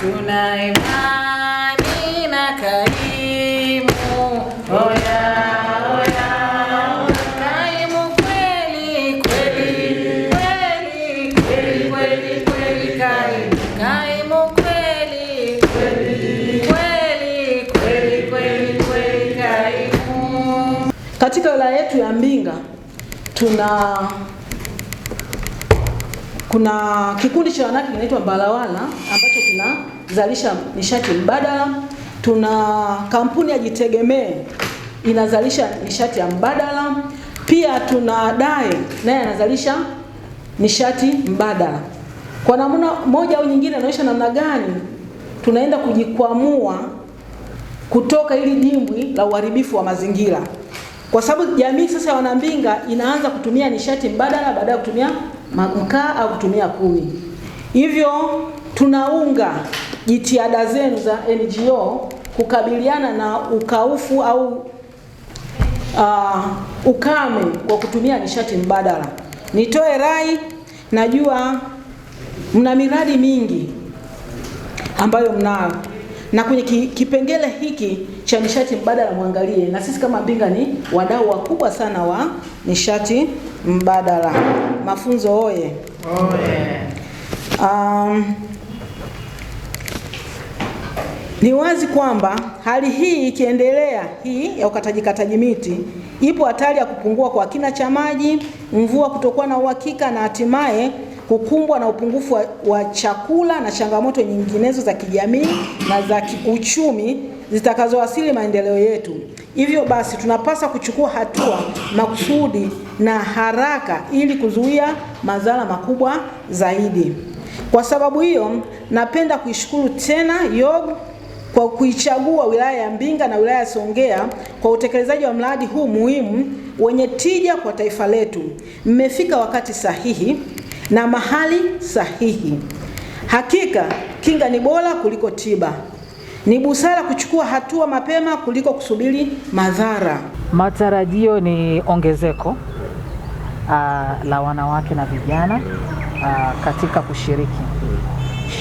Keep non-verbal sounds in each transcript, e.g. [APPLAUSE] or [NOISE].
tuna imani na Kaimu. Oya, Katika wilaya yetu ya Mbinga tuna kuna kikundi cha wanawake kinaitwa Balawala ambacho kina zalisha nishati mbadala. Tuna kampuni ya Jitegemee inazalisha nishati ya mbadala pia. Tuna DAE naye anazalisha nishati mbadala. Kwa namna moja au nyingine, anaonyesha namna gani tunaenda kujikwamua kutoka ili dimbwi la uharibifu wa mazingira, kwa sababu jamii sasa ya Wanambinga inaanza kutumia nishati mbadala baada ya kutumia mkaa au kutumia kuni. Hivyo tunaunga jitihada zenu za NGO kukabiliana na ukaufu au uh, ukame wa kutumia nishati mbadala. Nitoe rai, najua mna miradi mingi ambayo mnayo na kwenye kipengele hiki cha nishati mbadala mwangalie, na sisi kama Mbinga ni wadau wakubwa sana wa nishati mbadala. Mafunzo oye, oye. Um, ni wazi kwamba hali hii ikiendelea, hii ya ukataji kataji miti, ipo hatari ya kupungua kwa kina cha maji, mvua kutokuwa na uhakika, na hatimaye kukumbwa na upungufu wa, wa chakula na changamoto nyinginezo za kijamii na za kiuchumi zitakazoasili maendeleo yetu. Hivyo basi, tunapaswa kuchukua hatua makusudi na haraka ili kuzuia madhara makubwa zaidi. Kwa sababu hiyo, napenda kuishukuru tena YOG kwa kuichagua wilaya ya Mbinga na wilaya ya Songea kwa utekelezaji wa mradi huu muhimu wenye tija kwa taifa letu. Mmefika wakati sahihi na mahali sahihi. Hakika kinga ni bora kuliko tiba. Ni busara kuchukua hatua mapema kuliko kusubiri madhara. Matarajio ni ongezeko uh, la wanawake na vijana uh, katika kushiriki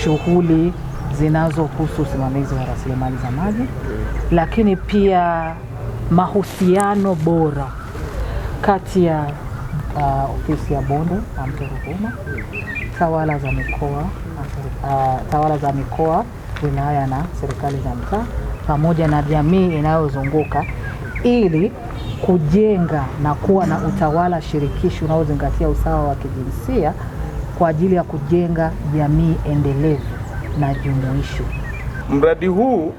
shughuli zinazohusu usimamizi wa rasilimali za maji, lakini pia mahusiano bora kati ya uh, ofisi ya bonde na mto Ruvuma, tawala za mikoa uh, tawala za mikoa, wilaya na serikali za mtaa, pamoja na jamii inayozunguka ili kujenga na kuwa na utawala shirikishi unaozingatia usawa wa kijinsia kwa ajili ya kujenga jamii endelevu na jumuisho. Mradi huu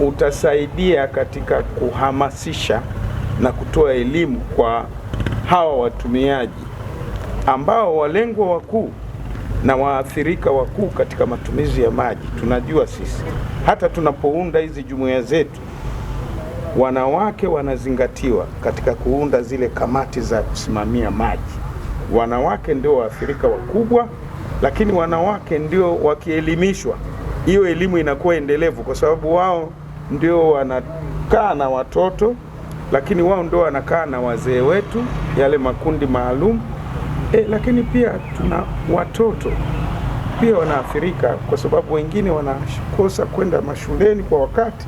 utasaidia katika kuhamasisha na kutoa elimu kwa hawa watumiaji ambao walengwa wakuu na waathirika wakuu katika matumizi ya maji. Tunajua sisi hata tunapounda hizi jumuiya zetu, wanawake wanazingatiwa katika kuunda zile kamati za kusimamia maji. Wanawake ndio waathirika wakubwa lakini wanawake ndio wakielimishwa, hiyo elimu inakuwa endelevu, kwa sababu wao ndio wanakaa na watoto, lakini wao ndio wanakaa na wazee wetu, yale makundi maalum e, lakini pia tuna watoto pia wanaathirika, kwa sababu wengine wanakosa kwenda mashuleni kwa wakati,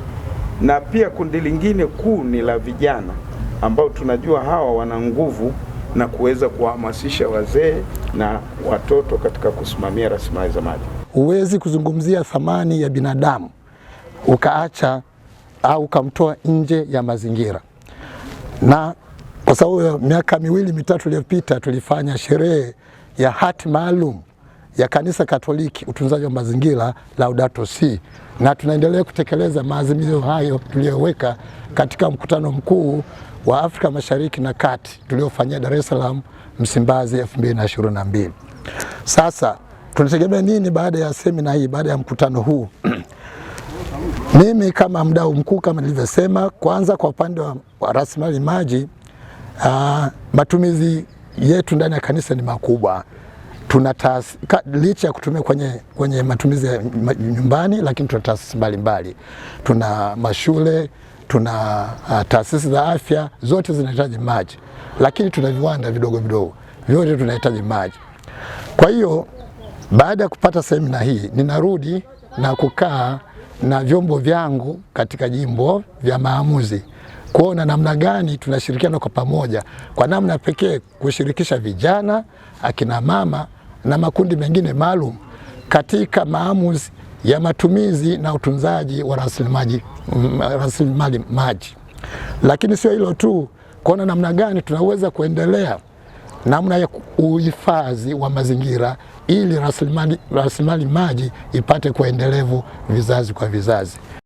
na pia kundi lingine kuu ni la vijana ambao tunajua hawa wana nguvu na kuweza kuwahamasisha wazee na watoto katika kusimamia rasilimali za maji. Huwezi kuzungumzia thamani ya binadamu ukaacha au ukamtoa nje ya mazingira, na kwa sababu miaka miwili mitatu iliyopita tulifanya sherehe ya hati maalum ya Kanisa Katoliki utunzaji wa mazingira Laudato Si, na tunaendelea kutekeleza maazimio hayo tuliyoweka katika mkutano mkuu wa Afrika Mashariki na Kati tuliofanyia Dar es Salaam, Msimbazi 2022. Sasa tunategemea nini baada ya semina hii, baada ya mkutano huu? [CLEARS THROAT] Mimi kama mdau mkuu, kama nilivyosema, kwanza kwa upande wa, wa rasilimali maji, ah, matumizi yetu ndani ya kanisa ni makubwa tuna licha ya kutumia kwenye, kwenye matumizi ya nyumbani, lakini tuna taasisi mbalimbali, tuna mashule, tuna uh, taasisi za afya, zote zinahitaji maji, lakini tuna viwanda vidogo vidogo, vyote tunahitaji maji. Kwa hiyo baada ya kupata semina hii, ninarudi na kukaa na vyombo vyangu katika jimbo vya maamuzi kuona namna gani tunashirikiana kwa pamoja, kwa namna pekee kushirikisha vijana, akina mama na makundi mengine maalum katika maamuzi ya matumizi na utunzaji wa rasilimali mm, rasilimali maji. Lakini sio hilo tu, kuona namna gani tunaweza kuendelea namna ya uhifadhi wa mazingira ili rasilimali maji ipate kwa endelevu vizazi kwa vizazi.